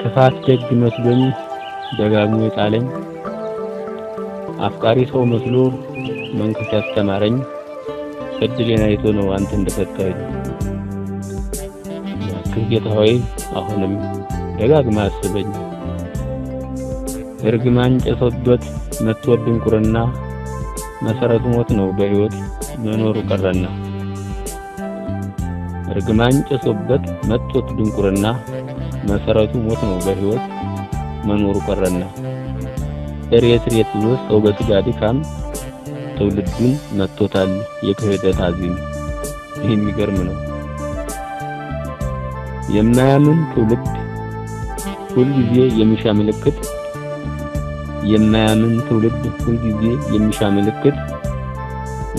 ክፋት ደግ መስሎኝ ደጋግሞ የጣለኝ አፍቃሪ ሰው መስሎ መንከስ ያስተማረኝ እድሌን አይቶ ነው አንተ እንደሰጠኸኝ። እባክህ ጌታ ሆይ አሁንም ደጋግማ አስበኝ። እርግማን ጨሶዶት መትወድን ቁርና መሰረቱ ሞት ነው በሕይወት መኖሩ ቀረና እርግማን ጭሶበት መጦት ድንቁርና መሰረቱ ሞት ነው በህይወት መኖሩ ቀረና እሬት ሬት ብሎ ሰው በስጋ ድካም ትውልዱን መጥቶታል የክህደት አዚም። ይህ የሚገርም ነው። የማያምን ትውልድ ሁልጊዜ የሚሻ ምልክት የማያምን ትውልድ ሁልጊዜ የሚሻ ምልክት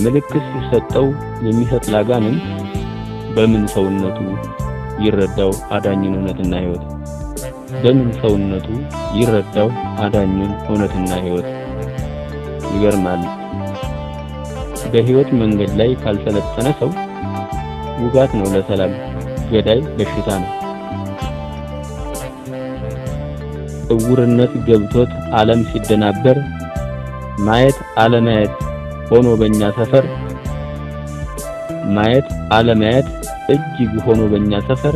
ምልክት ሲሰጠው የሚሰጥ ላጋንን በምን ሰውነቱ ይረዳው አዳኝን እውነትና ሕይወት? በምን ሰውነቱ ይረዳው አዳኙን እውነትና ሕይወት? ይገርማል። በሕይወት መንገድ ላይ ካልሰለጠነ ሰው ውጋት ነው ለሰላም፣ ገዳይ በሽታ ነው። እውርነት ገብቶት ዓለም ሲደናበር ማየት አለማየት ሆኖ በእኛ ሰፈር ማየት አለማየት እጅግ ሆኖ በእኛ ሰፈር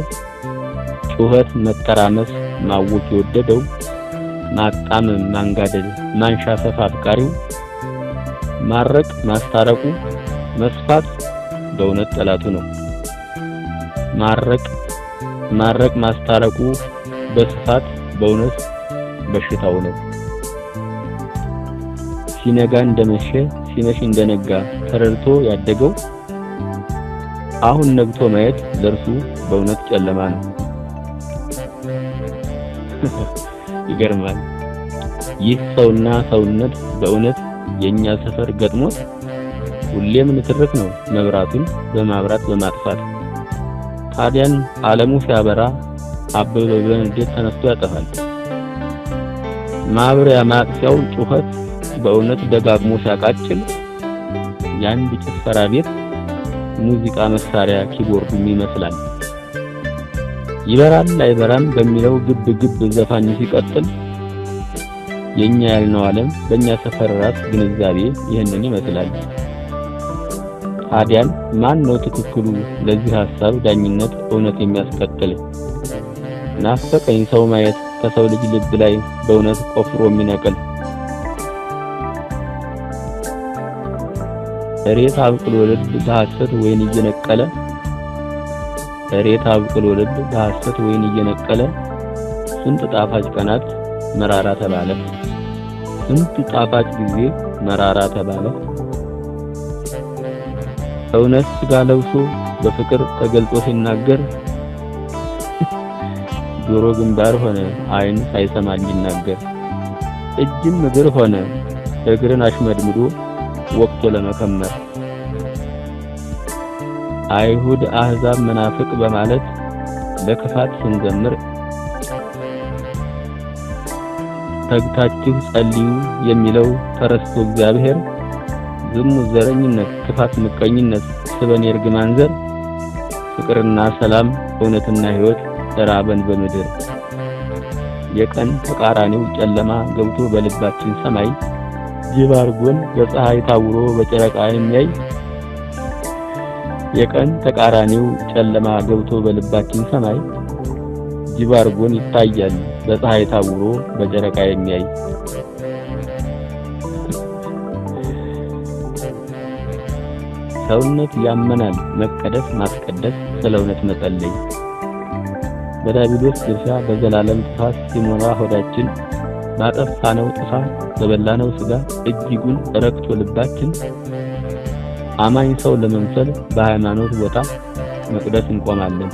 ጩኸት፣ መተራመስ፣ ማወቅ የወደደው ማጣም፣ ማንጋደል፣ ማንሻፈፍ አፍቃሪው ማረቅ፣ ማስታረቁ፣ መስፋት በእውነት ጠላቱ ነው። ማረቅ ማረቅ ማስታረቁ በስፋት በእውነት በሽታው ነው። ሲነጋ እንደመሸ ሲመሽ እንደነጋ ተረድቶ ያደገው አሁን ነግቶ ማየት ለእርሱ በእውነት ጨለማ ነው። ይገርማል። ይህ ሰውና ሰውነት በእውነት የኛ ሰፈር ገጥሞት ሁሌም ንትርክ ነው፣ መብራቱን በማብራት በማጥፋት ታዲያን ዓለሙ ሲያበራ አበበ በንዴት ተነስቶ ያጠፋል። ማብሪያ ማጥፊያው ጩኸት በእውነት ደጋግሞ ሲያቃጭል የአንድ ጭፈራ ቤት ሙዚቃ መሳሪያ ኪቦርድም ይመስላል። ይበራል አይበራም በሚለው ግብ ግብ ዘፋኝ ሲቀጥል የኛ ያልነው ዓለም በእኛ ሰፈር ራስ ግንዛቤ ይህንን ይመስላል። ታዲያን ማን ነው ትክክሉ? ለዚህ ሀሳብ ዳኝነት እውነት የሚያስቀጥል ናፈቀኝ ሰው ማየት ከሰው ልጅ ልብ ላይ በእውነት ቆፍሮ የሚነቅል እሬት አብቅሎ ልብ በሐሰት ወይን እየነቀለ እሬት አብቅሎ ልብ በሐሰት ወይን እየነቀለ ስንት ጣፋጭ ቀናት መራራ ተባለ፣ ስንት ጣፋጭ ጊዜ መራራ ተባለ። እውነት ስጋ ለብሶ በፍቅር ተገልጦ ሲናገር ጆሮ ግንባር ሆነ አይን ሳይሰማ ሊናገር እጅም እግር ሆነ እግርን አሽመድምዶ ወቅቶ ለመከመር አይሁድ፣ አህዛብ፣ መናፍቅ በማለት በክፋት ስንጀምር ተግታችሁ ጸልዩ የሚለው ተረስቶ እግዚአብሔር ዝሙ ዘረኝነት፣ ክፋት፣ ምቀኝነት፣ ስበን የርግማን ዘር ፍቅርና ሰላም እውነትና ሕይወት ተራበን በምድር የቀን ተቃራኒው ጨለማ ገብቶ በልባችን ሰማይ ጅብ አርጎን በፀሐይ ታውሮ በጨረቃ የሚያይ የቀን ተቃራኒው ጨለማ ገብቶ በልባችን ሰማይ ጅብ አርጎን ይታያል በፀሐይ ታውሮ በጨረቃ የሚያይ ሰውነት ያመናል መቀደስ ማስቀደስ ስለ እውነት መጸለይ በዳቢሎስ ድርሻ በዘላለም ጥፋት ሲሞላ ሆዳችን ነው ጥፋት በበላነው ስጋ እጅጉን ረክቶ ልባችን አማኝ ሰው ለመምሰል በሃይማኖት ቦታ መቅደስ እንቆማለን።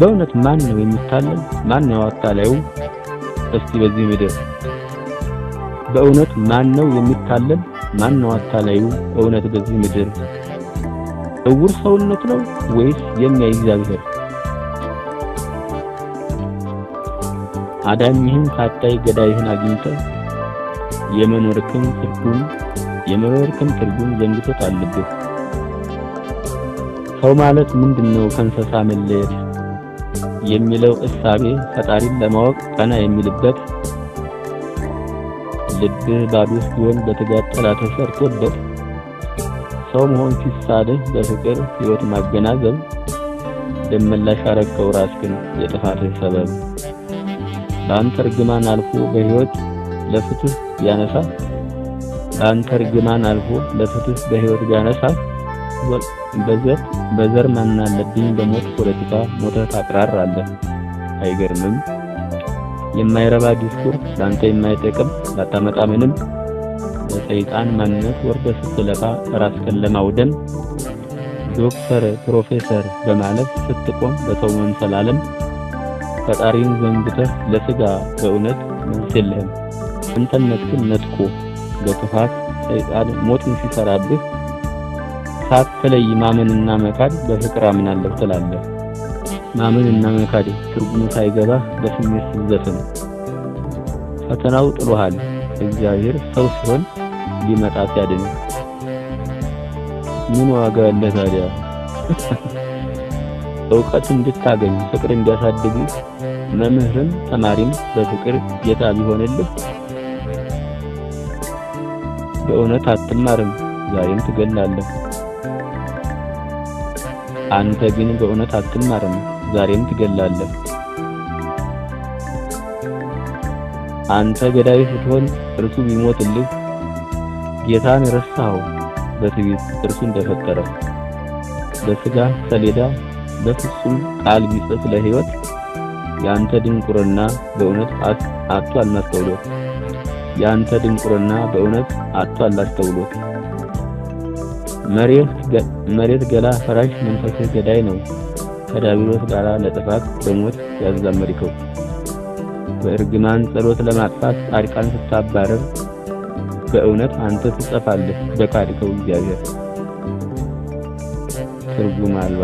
በእውነት ማን ነው የሚታለል? ማን ነው አታላዩ? እስቲ በዚህ ምድር በእውነት ማን ነው የሚታለል? ማን ነው አታላዩ? በእውነት በዚህ ምድር እውር ሰውነት ነው ወይስ የሚያይ እግዚአብሔር? አዳኝህን ሳታይ ገዳይህን አግኝተህ የመኖርክን ትርጉም የመኖርክም ትርጉም ዘንግቶት አለብህ። ሰው ማለት ምንድነው ከእንስሳ መለየት የሚለው እሳቤ ፈጣሪን ለማወቅ ቀና የሚልበት ልብህ ባዶ ሲሆን በትጋት ጥላ ተሰርቶበት ሰው መሆን ሲሳንህ በፍቅር ህይወት ማገናዘብ ደመላሽ አረከው ራስህን የጥፋትህ ሰበብ በአንተ እርግማን አልፎ በህይወት ለፍትህ ያነሳ ከአንተ እርግማን አልፎ ለፍትህ በህይወት ቢያነሳ በዘር በዘር ማናለብኝ በሞት ፖለቲካ ሞተህ አለ አይገርምም? የማይረባ ዲስኩር ለአንተ የማይጠቅም ላታመጣ ምንም ለሰይጣን ማንነት ወርደ ስትለፋ ራስህን ለማውደም ዶክተር ፕሮፌሰር በማለት ስትቆም በሰው መምሰል ዓለም ፈጣሪን ዘንግተህ ለስጋ በእውነት መልስ የለህም። አንተነትህን ነጥቆ በክፋት ሰይጣን ሞትን ሲሰራብህ ሳትለይ ማመንና መካድ በፍቅር አምናለሁ ትላለህ። ማመንና መካድ ትርጉሙ ሳይገባህ በስሜት ስትዘፍን ፈተናው ጥሎሃል። እግዚአብሔር ሰው ሲሆን ሊመጣ ሲያድን ምን ዋጋ አለ ታዲያ? እውቀት እንድታገኝ ፍቅር እንዲያሳድግ መምህርም ተማሪም በፍቅር ጌታ ቢሆንልህ በእውነት አትማርም፣ ዛሬም ትገላለህ። አንተ ግን በእውነት አትማርም፣ ዛሬም ትገላለህ። አንተ ገዳይ ስትሆን እርሱ ቢሞትልህ ጌታን ረሳኸው። በትዕቢት እርሱ እንደፈጠረ በስጋ ሰሌዳ በፍጹም ቃል ቢጽፍ ለሕይወት የአንተ ድንቁርና በእውነት አጥቷል አልናስተውሎት የአንተ ድንቁርና በእውነት አጥቶ አላስተውሎት። መሬት ገላ ፈራሽ መንፈስህ ገዳይ ነው። ከዲያብሎስ ጋር ለጥፋት በሞት ያዛመድከው በእርግማን ጸሎት ለማጥፋት ጻድቃን ስታባረር በእውነት አንተ ትጠፋለህ በካድከው እግዚአብሔር። ትርጉም አልባ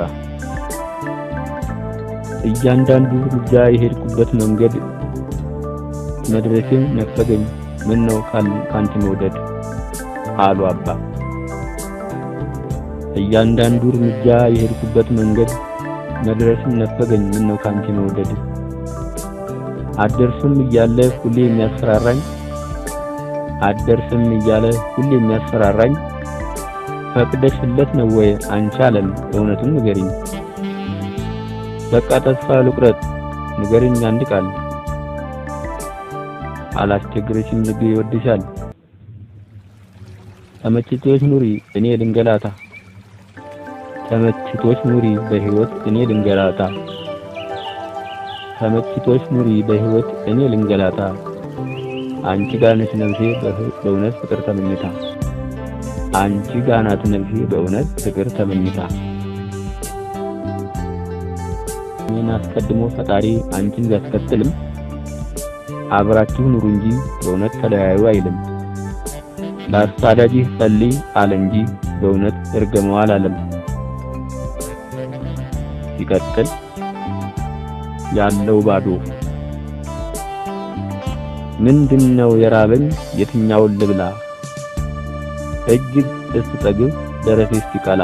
እያንዳንዱ እርምጃ የሄድኩበት መንገድ መድረሴም ነፈገኝ። ምን ነው ካንተ መውደድ አሉ አባ። እያንዳንዱ እርምጃ የሄድኩበት መንገድ መድረስን ነፈገኝ። ምን ነው ካንተ መውደድ አደርስም እያለ ሁሌ የሚያስፈራራኝ አደርስም እያለ ሁሌ የሚያስፈራራኝ ፈቅደሽለት ነው ወይ አንቺ አለም እውነቱን ንገሪኝ። በቃ ተስፋ ልቁረጥ ንገሪኝ አንድ ቃል አላስቸግረሽም። ልብ ይወድሻል። ተመችቶሽ ኑሪ እኔ ልንገላታ፣ ተመችቶሽ ኑሪ በህይወት እኔ ልንገላታ፣ ተመችቶሽ ኑሪ በህይወት እኔ ልንገላታ፣ አንቺ ጋር ነሽ ነፍሴ በእውነት ፍቅር ተመኝታ፣ አንቺ ጋር ናት ነፍሴ በእውነት ፍቅር ተመኝታ። እኔን አስቀድሞ ፈጣሪ አንቺን ቢያስከትልም አብራችሁ ኑሩ እንጂ በእውነት ተለያዩ አይልም። ለአሳዳጅህ ጸልይ አለ እንጂ በእውነት እርገመዋል አለም። ሲቀጥል ያለው ባዶ ምንድነው የራበኝ የትኛውን ልብላ? እጅግ እስጠግብ ደረቴ እስኪቀላ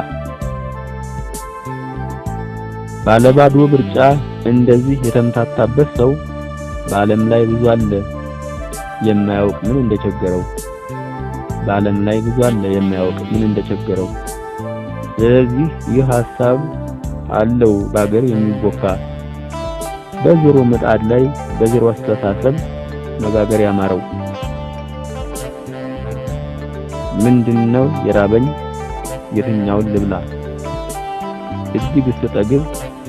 ባለባዶ ብርጫ እንደዚህ የተምታታበት ሰው በዓለም ላይ ብዙ አለ የማያውቅ ምን እንደቸገረው በዓለም ላይ ብዙ አለ የማያውቅ ምን እንደቸገረው። ስለዚህ ይህ ሐሳብ አለው በአገር የሚቦካ በዜሮ ምጣድ ላይ በዜሮ አስተሳሰብ መጋገር ያማረው። ምንድነው የራበኝ የትኛውን ልብላ? እጅግ ስተጠግብ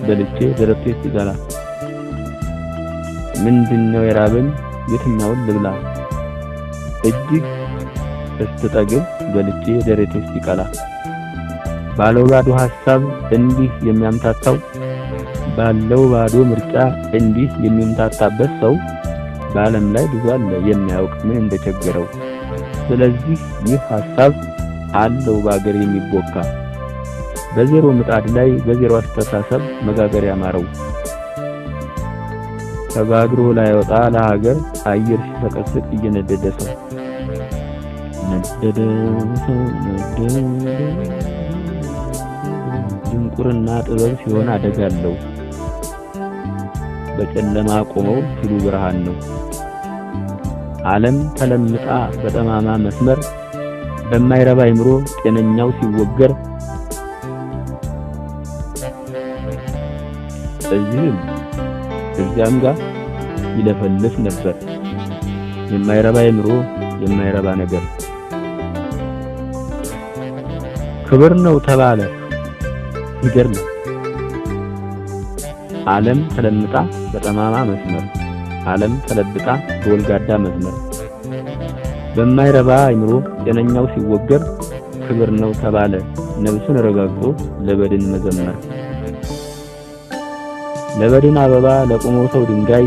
በልቼ ደረቴ ይጋላል። ምንድነው የራበኝ? የትኛውን ልብላ? እጅግ ስትጠግብ በልቼ ደረቴ ይቀላ? ባለው ባዶ ሐሳብ እንዲህ የሚያምታታው ባለው ባዶ ምርጫ እንዲህ የሚምታታበት ሰው በዓለም ላይ ብዙ አለ የሚያውቅ ምን እንደቸገረው። ስለዚህ ይህ ሐሳብ አለው በአገር የሚቦካ በዜሮ ምጣድ ላይ በዜሮ አስተሳሰብ መጋገር ያማረው ተጋግሮ ላይወጣ ለሀገር አየር ሲሰቀስቅ እየነደደ ሰው ነደደ ነደደ። ድንቁርና ጥበብ ሲሆን አደጋለው በጨለማ ቆመው ሲሉ ብርሃን ነው። ዓለም ተለምጣ በጠማማ መስመር በማይረባ አይምሮ ጤነኛው ሲወገር እዚህም ከዚያም ጋር ይለፈልፍ ነበር። የማይረባ የኑሮ የማይረባ ነገር ክብር ነው ተባለ። ይገርም ዓለም ተለምጣ በጠማማ መስመር፣ ዓለም ተለብጣ በወልጋዳ መስመር፣ በማይረባ አይምሮ ጤነኛው ሲወገር ክብር ነው ተባለ። ነፍስን ረጋግጦ ለበድን መዘመር ለበድን አበባ ለቆመው ሰው ድንጋይ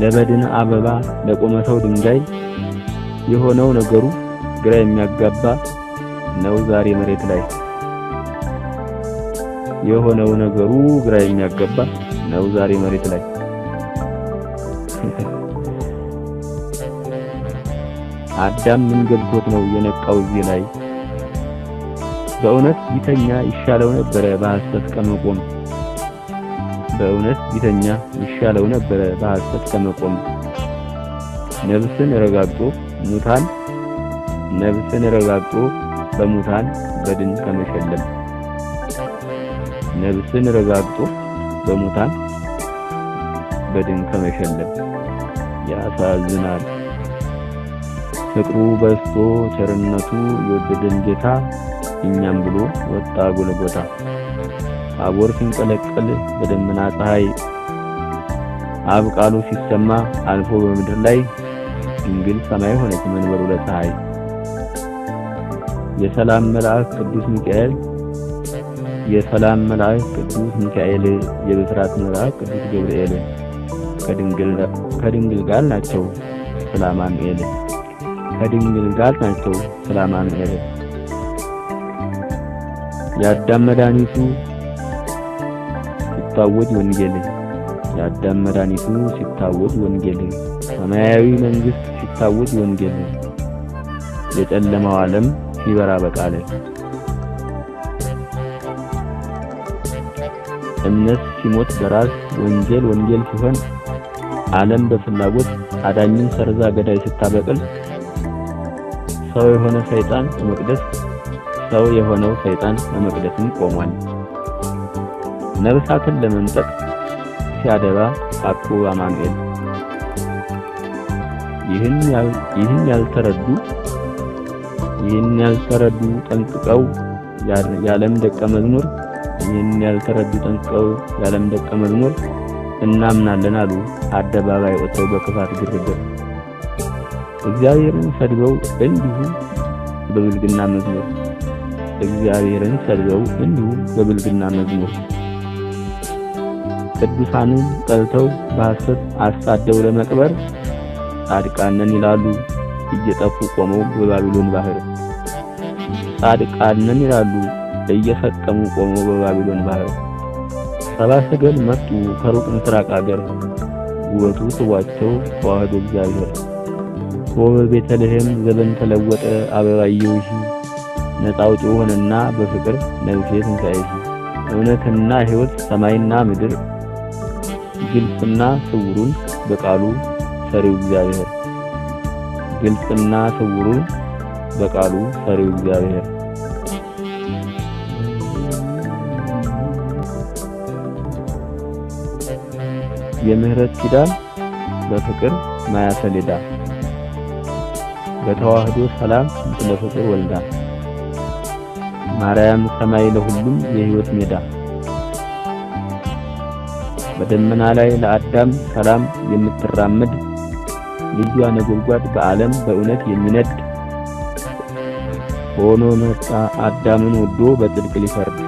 ለበድን አበባ ለቆመ ሰው ድንጋይ የሆነው ነገሩ ግራ የሚያጋባ ነው ዛሬ መሬት ላይ የሆነው ነገሩ ግራ የሚያጋባ ነው ዛሬ መሬት ላይ አዳም ምን ገብቶት ነው የነቃው እዚህ ላይ በእውነት ቢተኛ ይሻለው ነበረ በሐሰት ከመቆም በእውነት ቢተኛ ይሻለው ነበረ በሐሰት ከመቆም ነብስን ረጋግጦ ሙታን ነብስን ረጋግጦ በሙታን በድን ከመሸለም ነብስን ረጋግጦ በሙታን በድን ከመሸለም ያሳዝናል ፍቅሩ በዝቶ ቸርነቱ የወደደን ጌታ እኛም ብሎ ወጣ ጎልጎታ። አቦር ሲንቀለቀል በደመና ፀሐይ አብ ቃሉ ሲሰማ አልፎ በምድር ላይ ድንግል ሰማይ ሆነች መንበሩ ለፀሐይ። የሰላም መልአክ ቅዱስ ሚካኤል የሰላም መልአክ ቅዱስ ሚካኤል የብስራት መልአክ ቅዱስ ገብርኤል ከድንግል ጋር ናቸው ስለ አማኑኤል ከድንግል ጋር ናቸው ስለ አማኑኤል የአዳም መድኃኒቱ ሲታወጅ ወንጌል የአዳም መድኃኒቱ ሲታወጅ ወንጌል ሰማያዊ መንግስት ሲታወጅ ወንጌል የጨለማው ዓለም ሲበራ በቃለ እምነት ሲሞት በራስ ወንጌል ወንጌል ሲሆን ዓለም በፍላጎት አዳኝን ሰርዛ ገዳይ ስታበቅል ሰው የሆነ ሰይጣን መቅደስ ሰው የሆነው ሰይጣን በመቅደስም ቆሟል። ነብሳትን ለመንጠቅ ሲያደባ አጡ አማኑኤል። ይህን ያልተረዱ ይህን ያልተረዱ ጠንቅቀው የዓለም ደቀ መዝሙር ይህን ያልተረዱ ጠንቅቀው የዓለም ደቀ መዝሙር እናምናለን አሉ አደባባይ ወጥተው በክፋት ግርግር እግዚአብሔርን ሰድበው እንዲሁ በብልግና መዝሙር እግዚአብሔርን ሰድበው እንዲሁ በብልግና መዝሙር ቅዱሳንን ጠልተው በሐሰት አሳደው ለመቅበር ጻድቃንን ይላሉ እየጠፉ ቆመው በባቢሎን ባህር ጻድቃንን ይላሉ እየፈጠሙ ቆመው በባቢሎን ባህር ሰባ ሰገል መጡ ከሩቅ ምስራቅ አገር ውበቱ ስቧቸው ተዋህዶ እግዚአብሔር ወበ ቤተልሔም ዘበን ተለወጠ አበባየሁ ነፃ አውጪ በፍቅር ነፍሴ ትንሣኤሽ እውነትና ሕይወት ሰማይና ምድር ግልጽና ስውሩን በቃሉ ሰሪው እግዚአብሔር ግልጽና ስውሩን በቃሉ ሰሪው እግዚአብሔር የምህረት ኪዳን በፍቅር ማያ ሰሌዳ በተዋህዶ ሰላም ስለ ፍቅር ወልዳ ማርያም ሰማይ ለሁሉም የህይወት ሜዳ በደመና ላይ ለአዳም ሰላም የምትራመድ ልጇ ነጎድጓድ በዓለም በእውነት የሚነድ ሆኖ ነጻ አዳምን ወዶ በጥልቅ ሊፈርድ